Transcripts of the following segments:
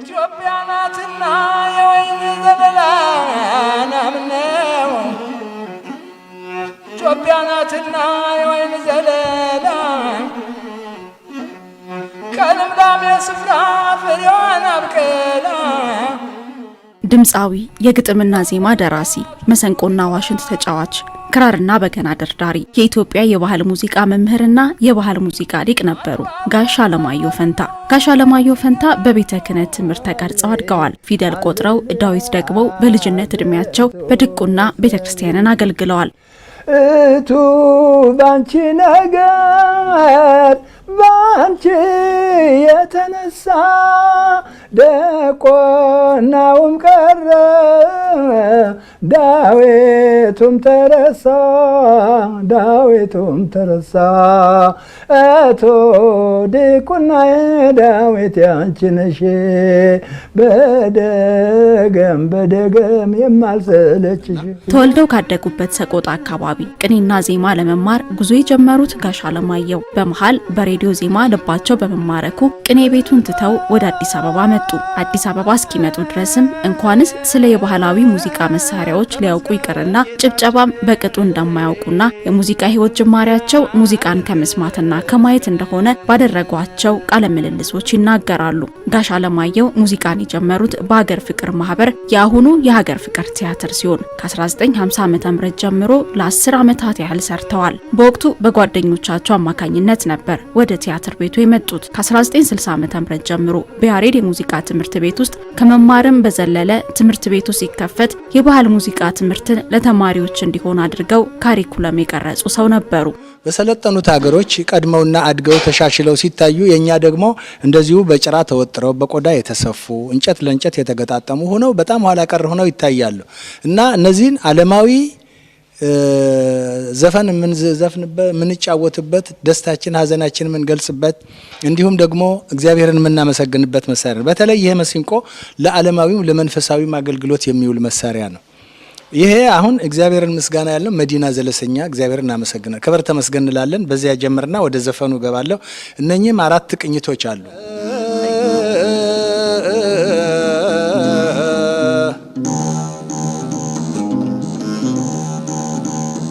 ኢትዮጵያ ናትና የወይን ዘለላ ናምነው ኢትዮጵያ ናትና የወይን ዘለላ ከልምላሜ ስፍራ ፍሬዋን አብቅላ ድምፃዊ፣ የግጥምና ዜማ ደራሲ፣ መሰንቆና ዋሽንት ተጫዋች፣ ክራርና በገና ደርዳሪ፣ የኢትዮጵያ የባህል ሙዚቃ መምህርና የባህል ሙዚቃ ሊቅ ነበሩ ጋሽ አለማየሁ ፈንታ። ጋሽ አለማየሁ ፈንታ በቤተ ክህነት ትምህርት ተቀርጸው አድገዋል። ፊደል ቆጥረው፣ ዳዊት ደግሞ በልጅነት ዕድሜያቸው በድቁና ቤተ ክርስቲያንን አገልግለዋል። እቱ ባንቺ ነገር ባንቺ የተነሳ ቆናውም ቀረ ዳዊቱም ተረሳ ዳዊቱም ተረሳ አቶ ዲቁና ዳዊት ያንችነሽ በደገም በደገም የማልሰለችሽ። ተወልደው ካደጉበት ሰቆጣ አካባቢ ቅኔና ዜማ ለመማር ጉዞ የጀመሩት ጋሽ አለማየሁ በመሃል በሬዲዮ ዜማ ልባቸው በመማረኩ ቅኔ ቤቱን ትተው ወደ አዲስ አበባ መጡ። አዲስ አበባ እስኪመጡ ድረስም እንኳንስ ስለ የባህላዊ ሙዚቃ መሳሪያ መሳሪያዎች ሊያውቁ ይቅርና ጭብጨባም በቅጡ እንደማያውቁና የሙዚቃ ህይወት ጅማሪያቸው ሙዚቃን ከመስማትና ከማየት እንደሆነ ባደረጓቸው ቃለ ምልልሶች ይናገራሉ። ጋሽ አለማየሁ ሙዚቃን የጀመሩት በሀገር ፍቅር ማህበር የአሁኑ የሀገር ፍቅር ቲያትር ሲሆን ከ1950 ዓ.ም ጀምሮ ለ10 ዓመታት ያህል ሰርተዋል። በወቅቱ በጓደኞቻቸው አማካኝነት ነበር ወደ ቲያትር ቤቱ የመጡት። ከ1960 ዓ.ም ጀምሮ በያሬድ የሙዚቃ ትምህርት ቤት ውስጥ ከመማርም በዘለለ ትምህርት ቤቱ ሲከፈት የባህል የሙዚቃ ትምህርትን ለተማሪዎች እንዲሆን አድርገው ካሪኩለም የቀረጹ ሰው ነበሩ። በሰለጠኑት ሀገሮች ቀድመውና አድገው ተሻሽለው ሲታዩ የእኛ ደግሞ እንደዚሁ በጭራ ተወጥረው በቆዳ የተሰፉ እንጨት ለእንጨት የተገጣጠሙ ሆነው በጣም ኋላ ቀር ሆነው ይታያሉ እና እነዚህን ዓለማዊ ዘፈን የምንዘፍንበት የምንጫወትበት ደስታችን ሀዘናችን የምንገልጽበት እንዲሁም ደግሞ እግዚአብሔርን የምናመሰግንበት መሳሪያ ነው። በተለይ ይህ መሲንቆ ለዓለማዊም ለመንፈሳዊም አገልግሎት የሚውል መሳሪያ ነው። ይሄ አሁን እግዚአብሔርን ምስጋና ያለው መዲና ዘለሰኛ እግዚአብሔርን እናመሰግናል። ክብር ተመስገን እንላለን። በዚያ ጀምርና ወደ ዘፈኑ ገባለሁ። እነኚህም አራት ቅኝቶች አሉ።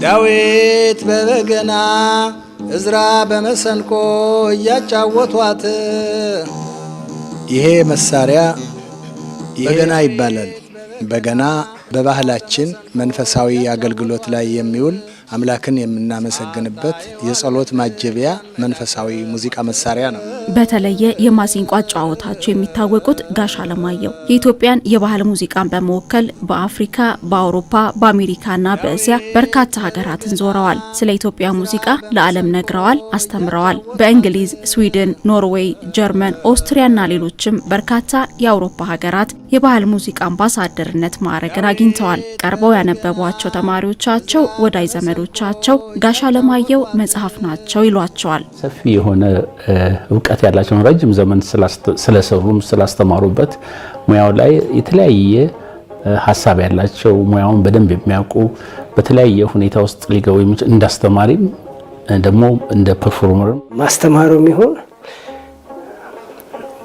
ዳዊት በበገና እዝራ በመሰንቆ እያጫወቷት። ይሄ መሳሪያ በገና ይባላል። በገና በባህላችን መንፈሳዊ አገልግሎት ላይ የሚውል አምላክን የምናመሰግንበት የጸሎት ማጀቢያ መንፈሳዊ ሙዚቃ መሳሪያ ነው። በተለየ የማሲንቆ አጨዋወታቸው የሚታወቁት ጋሽ አለማየሁ የኢትዮጵያን የባህል ሙዚቃን በመወከል በአፍሪካ፣ በአውሮፓ፣ በአሜሪካና በእስያ በርካታ ሀገራትን ዞረዋል። ስለ ኢትዮጵያ ሙዚቃ ለዓለም ነግረዋል፣ አስተምረዋል። በእንግሊዝ፣ ስዊድን፣ ኖርዌይ፣ ጀርመን፣ ኦስትሪያና ሌሎችም በርካታ የአውሮፓ ሀገራት የባህል ሙዚቃ አምባሳደርነት ማዕረግን አግኝተዋል። ቀርበው ያነበቧቸው ተማሪዎቻቸው ወዳጅ ዘመዶ ዘመዶቻቸው ጋሽ አለማየሁ መጽሐፍ ናቸው ይሏቸዋል። ሰፊ የሆነ እውቀት ያላቸው ረጅም ዘመን ስለሰሩም ስላስተማሩበት ሙያው ላይ የተለያየ ሀሳብ ያላቸው ሙያውን በደንብ የሚያውቁ በተለያየ ሁኔታ ውስጥ ሊገቡ የሚችል እንዳስተማሪም ደግሞ እንደ ፐርፎርመር ማስተማሩ የሚሆን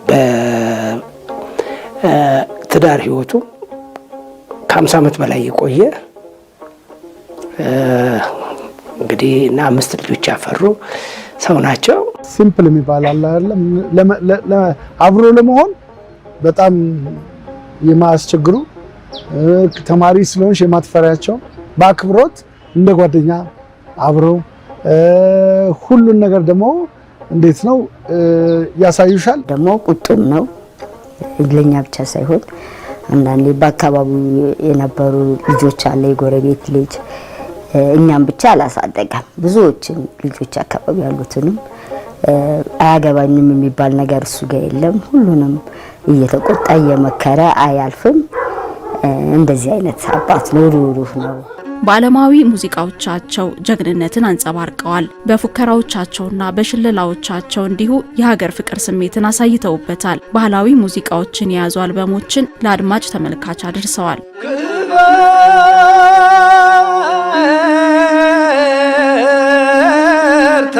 በትዳር ህይወቱ ከ50 ዓመት በላይ የቆየ እንግዲህ እና አምስት ልጆች ያፈሩ ሰው ናቸው። ሲምፕል የሚባል አለ አብሮ ለመሆን በጣም የማያስቸግሩ ተማሪ ስለሆንሽ የማትፈሪያቸው በአክብሮት እንደ ጓደኛ አብሮ ሁሉን ነገር ደግሞ እንዴት ነው ያሳዩሻል። ደግሞ ቁጡም ነው ለኛ ብቻ ሳይሆን አንዳንዴ በአካባቢው የነበሩ ልጆች አለ የጎረቤት ልጅ እኛም ብቻ አላሳደገም። ብዙዎችን ልጆች አካባቢ ያሉትንም አያገባኝም የሚባል ነገር እሱ ጋር የለም። ሁሉንም እየተቆጣ እየመከረ አያልፍም። እንደዚህ አይነት አባት ነው፣ ሩህሩህ ነው። በዓለማዊ ሙዚቃዎቻቸው ጀግንነትን አንጸባርቀዋል። በፉከራዎቻቸውና በሽለላዎቻቸው እንዲሁ የሀገር ፍቅር ስሜትን አሳይተውበታል። ባህላዊ ሙዚቃዎችን የያዙ አልበሞችን ለአድማጭ ተመልካች አድርሰዋል።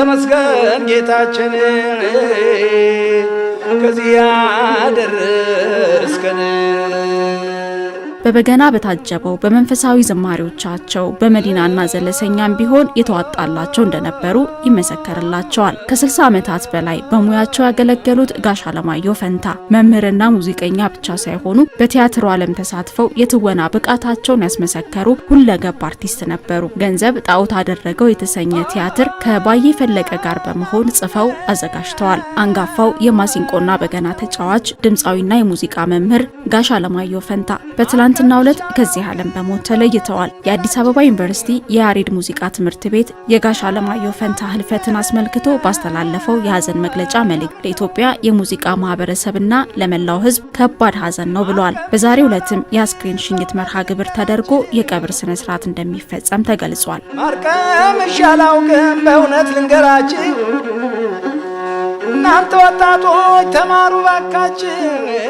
ተመስገን ጌታችን ከዚህ ያደረስከን በበገና በታጀበው በመንፈሳዊ ዝማሬዎቻቸው በመዲናና ዘለሰኛም ቢሆን የተዋጣላቸው እንደነበሩ ይመሰከርላቸዋል። ከ60 ዓመታት በላይ በሙያቸው ያገለገሉት ጋሽ አለማየሁ ፈንታ መምህርና ሙዚቀኛ ብቻ ሳይሆኑ በቲያትሩ ዓለም ተሳትፈው የትወና ብቃታቸውን ያስመሰከሩ ሁለገብ አርቲስት ነበሩ። ገንዘብ ጣዖት አደረገው የተሰኘ ቲያትር ከባየ ፈለቀ ጋር በመሆን ጽፈው አዘጋጅተዋል። አንጋፋው የማሲንቆና በገና ተጫዋች ድምፃዊና የሙዚቃ መምህር ጋሽ አለማየሁ ፈንታ በትላንት በትናንትናው ዕለት ከዚህ ዓለም በሞት ተለይተዋል። የአዲስ አበባ ዩኒቨርሲቲ የያሬድ ሙዚቃ ትምህርት ቤት የጋሽ አለማየሁ ፈንታ ህልፈትን አስመልክቶ ባስተላለፈው የሀዘን መግለጫ መልእክት ለኢትዮጵያ የሙዚቃ ማህበረሰብና ለመላው ህዝብ ከባድ ሀዘን ነው ብሏል። በዛሬው ዕለትም የአስክሬን ሽኝት መርሃ ግብር ተደርጎ የቀብር ስነ ስርዓት እንደሚፈጸም ተገልጿል። ማርቀም በእውነት ልንገራችሁ እናንተ ወጣቶች ተማሩ ባካችን